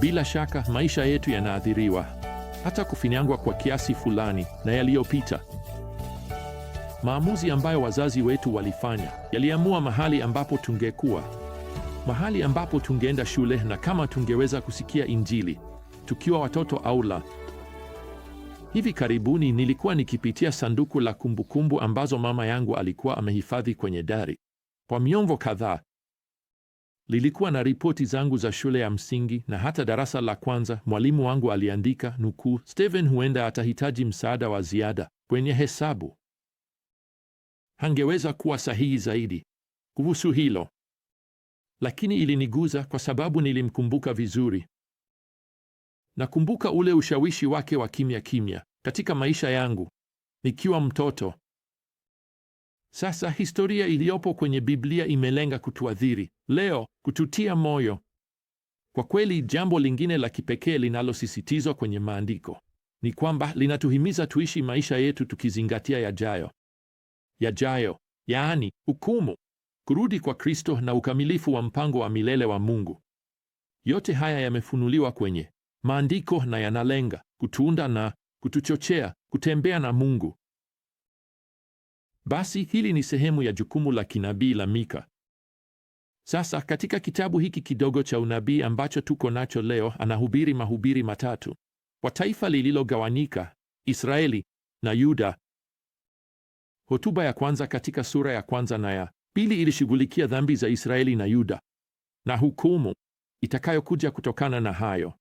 Bila shaka maisha yetu yanaathiriwa, hata kufinyangwa kwa kiasi fulani, na yaliyopita. Maamuzi ambayo wazazi wetu walifanya yaliamua mahali ambapo tungekuwa, mahali ambapo tungeenda shule na kama tungeweza kusikia Injili tukiwa watoto au la. Hivi karibuni nilikuwa nikipitia sanduku la kumbukumbu ambazo mama yangu alikuwa amehifadhi kwenye dari kwa miongo kadhaa. Lilikuwa na ripoti zangu za shule ya msingi na hata darasa la kwanza. Mwalimu wangu aliandika nukuu, Steven huenda atahitaji msaada wa ziada kwenye hesabu. Hangeweza kuwa sahihi zaidi kuhusu hilo, lakini iliniguza kwa sababu nilimkumbuka vizuri. Nakumbuka ule ushawishi wake wa kimya kimya katika maisha yangu nikiwa mtoto. Sasa historia iliyopo kwenye Biblia imelenga kutuadhiri leo, kututia moyo. Kwa kweli, jambo lingine la kipekee linalosisitizwa kwenye maandiko ni kwamba linatuhimiza tuishi maisha yetu tukizingatia yajayo, yajayo yaani hukumu, kurudi kwa Kristo na ukamilifu wa mpango wa milele wa Mungu. Yote haya yamefunuliwa kwenye maandiko na yanalenga kutuunda na kutuchochea kutembea na Mungu basi hili ni sehemu ya jukumu la kinabii la Mika. Sasa katika kitabu hiki kidogo cha unabii ambacho tuko nacho leo, anahubiri mahubiri matatu kwa taifa lililogawanika, Israeli na Yuda. Hotuba ya kwanza katika sura ya kwanza na ya pili ilishughulikia dhambi za Israeli na Yuda na hukumu itakayokuja kutokana na hayo.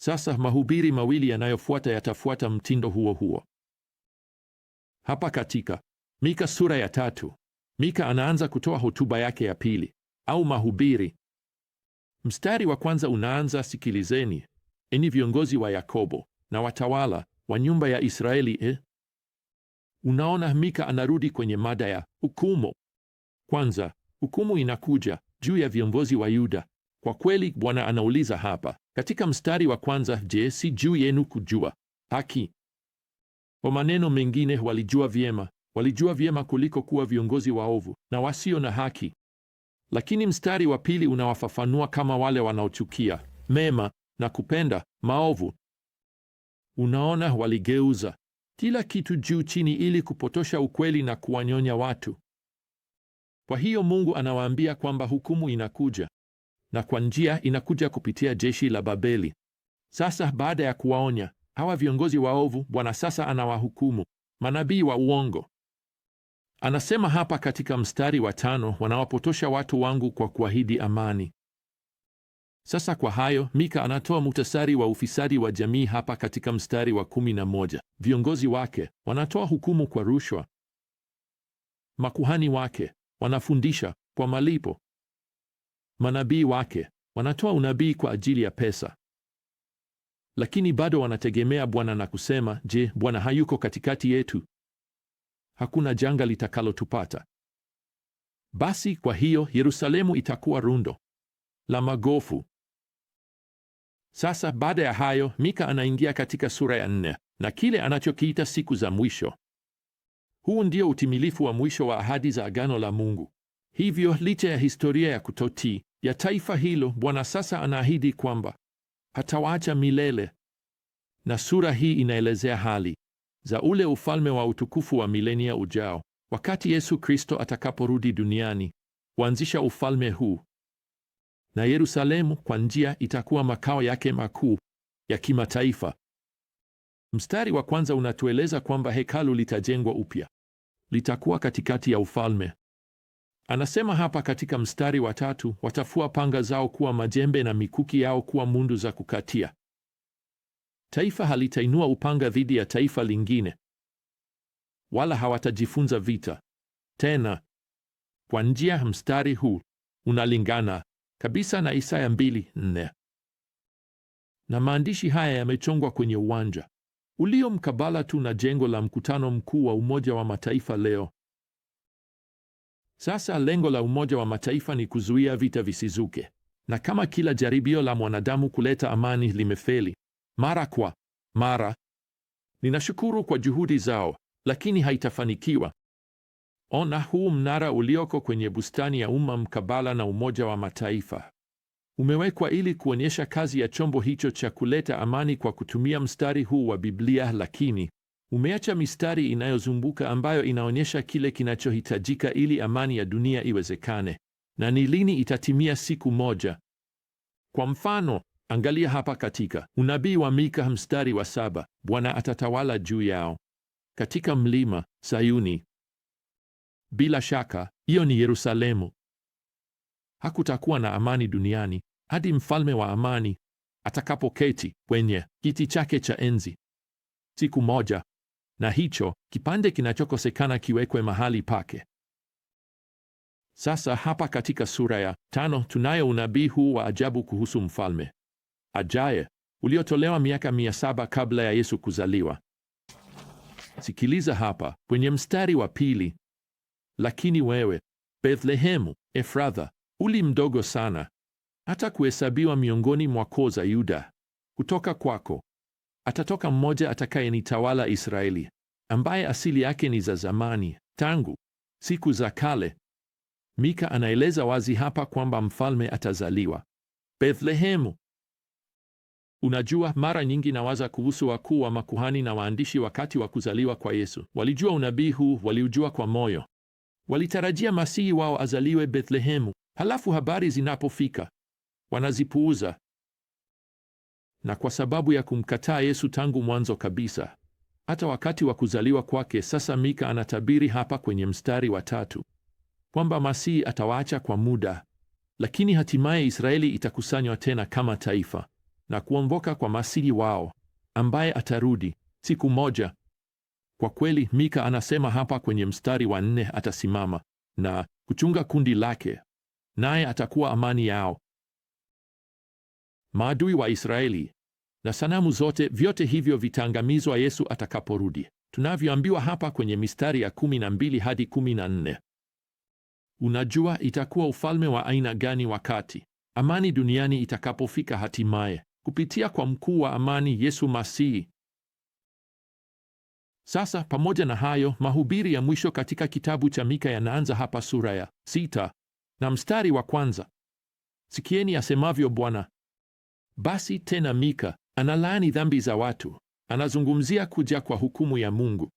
Sasa mahubiri mawili yanayofuata yatafuata mtindo huo huo hapa katika Mika sura ya tatu. Mika anaanza kutoa hotuba yake ya pili au mahubiri. Mstari wa kwanza unaanza, sikilizeni enyi viongozi wa Yakobo na watawala wa nyumba ya Israeli. Eh, unaona Mika anarudi kwenye mada ya hukumu. Kwanza hukumu inakuja juu ya viongozi wa Yuda. Kwa kweli Bwana anauliza hapa katika mstari wa kwanza, je, si juu yenu kujua haki kwa maneno mengine, walijua vyema, walijua vyema kuliko kuwa viongozi waovu na wasio na haki. Lakini mstari wa pili unawafafanua kama wale wanaochukia mema na kupenda maovu. Unaona, waligeuza kila kitu juu chini ili kupotosha ukweli na kuwanyonya watu. Kwa hiyo Mungu anawaambia kwamba hukumu inakuja, na kwa njia inakuja kupitia jeshi la Babeli. Sasa baada ya kuwaonya Hawa viongozi waovu, Bwana sasa anawahukumu manabii wa uongo. Anasema hapa katika mstari wa tano, wanawapotosha watu wangu kwa kuahidi amani. Sasa kwa hayo, Mika anatoa muhtasari wa ufisadi wa jamii hapa katika mstari wa kumi na moja. Viongozi wake wanatoa hukumu kwa rushwa, makuhani wake wanafundisha kwa malipo, manabii wake wanatoa unabii kwa ajili ya pesa lakini bado wanategemea Bwana na kusema, je, Bwana hayuko katikati yetu? Hakuna janga litakalotupata. Basi kwa hiyo Yerusalemu itakuwa rundo la magofu. Sasa baada ya hayo, Mika anaingia katika sura ya nne na kile anachokiita siku za mwisho. Huu ndio utimilifu wa mwisho wa ahadi za agano la Mungu. Hivyo licha ya historia ya kutotii ya taifa hilo, Bwana sasa anaahidi kwamba hatawaacha milele. Na sura hii inaelezea hali za ule ufalme wa utukufu wa milenia ujao, wakati Yesu Kristo atakaporudi duniani kuanzisha ufalme huu. Na Yerusalemu kwa njia itakuwa makao yake makuu ya kimataifa. Mstari wa kwanza unatueleza kwamba hekalu litajengwa upya, litakuwa katikati ya ufalme Anasema hapa katika mstari wa tatu, watafua panga zao kuwa majembe na mikuki yao kuwa mundu za kukatia. Taifa halitainua upanga dhidi ya taifa lingine, wala hawatajifunza vita tena. Kwa njia, mstari huu unalingana kabisa na Isaya 2:4 na maandishi haya yamechongwa kwenye uwanja ulio mkabala tu na jengo la mkutano mkuu wa Umoja wa Mataifa leo. Sasa lengo la Umoja wa Mataifa ni kuzuia vita visizuke, na kama kila jaribio la mwanadamu kuleta amani limefeli mara kwa mara, ninashukuru kwa juhudi zao, lakini haitafanikiwa. Ona huu mnara ulioko kwenye bustani ya umma mkabala na Umoja wa Mataifa umewekwa ili kuonyesha kazi ya chombo hicho cha kuleta amani kwa kutumia mstari huu wa Biblia, lakini Umeacha mistari inayozunguka ambayo inaonyesha kile kinachohitajika ili amani ya dunia iwezekane, na ni lini itatimia siku moja. Kwa mfano, angalia hapa katika unabii wa Mika mstari wa saba, Bwana atatawala juu yao katika mlima Sayuni. Bila shaka, hiyo ni Yerusalemu. Hakutakuwa na amani duniani hadi mfalme wa amani atakapoketi kwenye kiti chake cha enzi. Siku moja na hicho kipande kinachokosekana kiwekwe mahali pake. Sasa hapa katika sura ya tano tunayo unabii huu wa ajabu kuhusu mfalme ajaye uliotolewa miaka mia saba kabla ya Yesu kuzaliwa. Sikiliza hapa kwenye mstari wa pili: lakini wewe Bethlehemu Efradha, uli mdogo sana, hata kuhesabiwa miongoni mwa koo za Yuda, kutoka kwako atatoka mmoja atakayenitawala Israeli, ambaye asili yake ni za zamani, tangu siku za kale. Mika anaeleza wazi hapa kwamba mfalme atazaliwa Bethlehemu. Unajua, mara nyingi nawaza kuhusu wakuu wa makuhani na waandishi wakati wa kuzaliwa kwa Yesu. Walijua unabii huu, waliujua kwa moyo, walitarajia masihi wao azaliwe Bethlehemu. Halafu habari zinapofika wanazipuuza na kwa sababu ya kumkataa Yesu tangu mwanzo kabisa, hata wakati wa kuzaliwa kwake. Sasa Mika anatabiri hapa kwenye mstari wa tatu kwamba Masihi atawaacha kwa muda, lakini hatimaye Israeli itakusanywa tena kama taifa na kuomvoka kwa Masihi wao ambaye atarudi siku moja. Kwa kweli, Mika anasema hapa kwenye mstari wa nne, atasimama na kuchunga kundi lake, naye atakuwa amani yao maadui wa Israeli na sanamu zote, vyote hivyo vitaangamizwa Yesu atakaporudi, tunavyoambiwa hapa kwenye mistari ya kumi na mbili hadi kumi na nne. Unajua itakuwa ufalme wa aina gani wakati amani duniani itakapofika hatimaye kupitia kwa mkuu wa amani Yesu Masihi. Sasa pamoja na hayo, mahubiri ya mwisho katika kitabu cha Mika yanaanza hapa sura ya sita na mstari wa kwanza. Sikieni asemavyo Bwana, basi tena Mika analaani dhambi za watu, anazungumzia kuja kwa hukumu ya Mungu.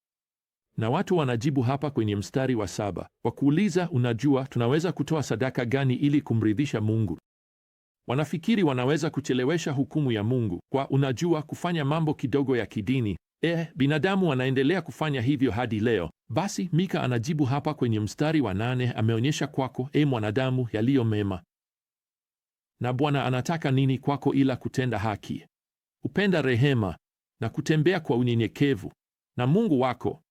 Na watu wanajibu hapa kwenye mstari wa saba kwa kuuliza, unajua, tunaweza kutoa sadaka gani ili kumridhisha Mungu? Wanafikiri wanaweza kuchelewesha hukumu ya Mungu kwa, unajua, kufanya mambo kidogo ya kidini. Eh, binadamu wanaendelea kufanya hivyo hadi leo. Basi Mika anajibu hapa kwenye mstari wa nane ameonyesha kwako, e mwanadamu, yaliyo mema na Bwana anataka nini kwako ila kutenda haki, upenda rehema na kutembea kwa unyenyekevu na Mungu wako.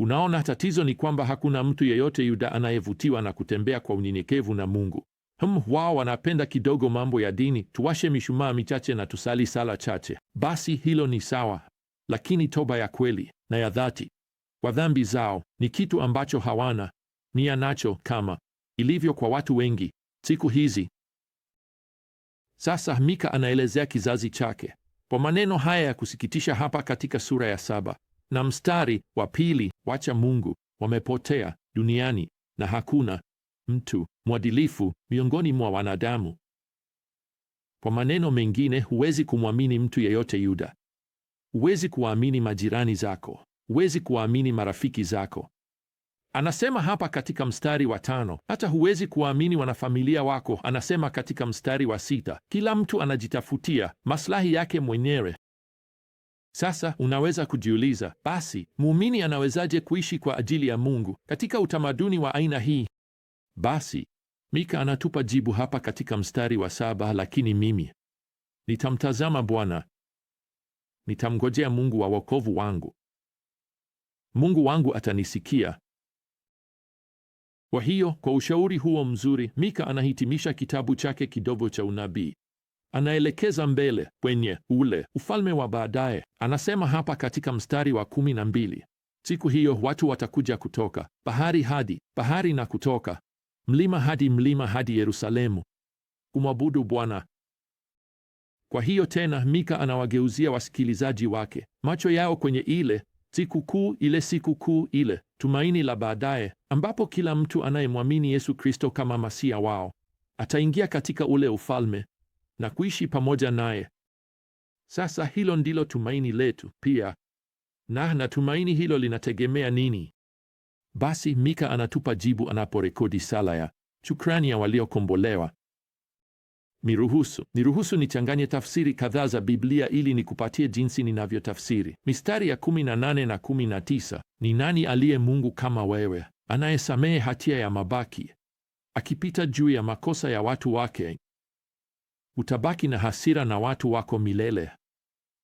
Unaona, tatizo ni kwamba hakuna mtu yeyote Yuda anayevutiwa na kutembea kwa unyenyekevu na Mungu. Hmm, wao wanapenda kidogo mambo ya dini, tuwashe mishumaa michache na tusali sala chache. Basi hilo ni sawa, lakini toba ya kweli na ya dhati kwa dhambi zao ni kitu ambacho hawana nia nacho, kama ilivyo kwa watu wengi siku hizi. Sasa Mika anaelezea kizazi chake kwa maneno haya ya kusikitisha hapa katika sura ya saba na mstari wa pili: wacha Mungu wamepotea duniani na hakuna mtu mwadilifu miongoni mwa wanadamu. Kwa maneno mengine, huwezi kumwamini mtu yeyote Yuda, huwezi kuwaamini majirani zako, huwezi kuwaamini marafiki zako, Anasema hapa katika mstari wa tano, hata huwezi kuwaamini wanafamilia wako. Anasema katika mstari wa sita, kila mtu anajitafutia maslahi yake mwenyewe. Sasa unaweza kujiuliza, basi muumini anawezaje kuishi kwa ajili ya Mungu katika utamaduni wa aina hii? Basi Mika anatupa jibu hapa katika mstari wa saba, lakini mimi nitamtazama Bwana, nitamngojea Mungu wa wokovu wangu, Mungu wangu atanisikia. Kwa hiyo kwa ushauri huo mzuri, Mika anahitimisha kitabu chake kidogo cha unabii. Anaelekeza mbele kwenye ule ufalme wa baadaye. Anasema hapa katika mstari wa kumi na mbili, siku hiyo watu watakuja kutoka bahari hadi bahari na kutoka mlima hadi mlima hadi Yerusalemu kumwabudu Bwana. Kwa hiyo tena Mika anawageuzia wasikilizaji wake macho yao kwenye ile siku kuu ile siku kuu ile tumaini la baadaye, ambapo kila mtu anayemwamini Yesu Kristo kama Masia wao ataingia katika ule ufalme na kuishi pamoja naye. Sasa hilo ndilo tumaini letu pia. Na na tumaini hilo linategemea nini? Basi Mika anatupa jibu anaporekodi sala ya shukrani ya waliokombolewa. Niruhusu, niruhusu nichanganye tafsiri kadhaa za Biblia ili nikupatie jinsi ninavyotafsiri mistari ya 18 na 19. Ni nani aliye Mungu kama wewe, anayesamehe hatia ya mabaki, akipita juu ya makosa ya watu wake? Utabaki na hasira na watu wako milele,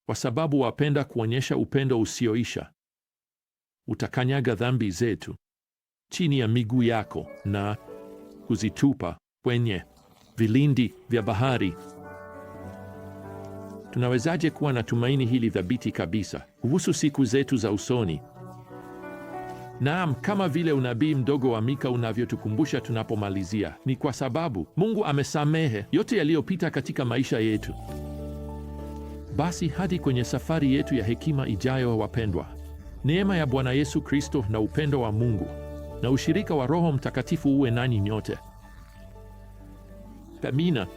kwa sababu wapenda kuonyesha upendo usioisha. Utakanyaga dhambi zetu chini ya miguu yako na kuzitupa kwenye vilindi vya bahari. Tunawezaje kuwa na tumaini hili thabiti kabisa kuhusu siku zetu za usoni? Naam, kama vile unabii mdogo wa Mika unavyotukumbusha tunapomalizia, ni kwa sababu Mungu amesamehe yote yaliyopita katika maisha yetu. Basi hadi kwenye safari yetu ya hekima ijayo, wapendwa, neema ya Bwana Yesu Kristo na upendo wa Mungu na ushirika wa Roho Mtakatifu uwe nanyi nyote. Bermine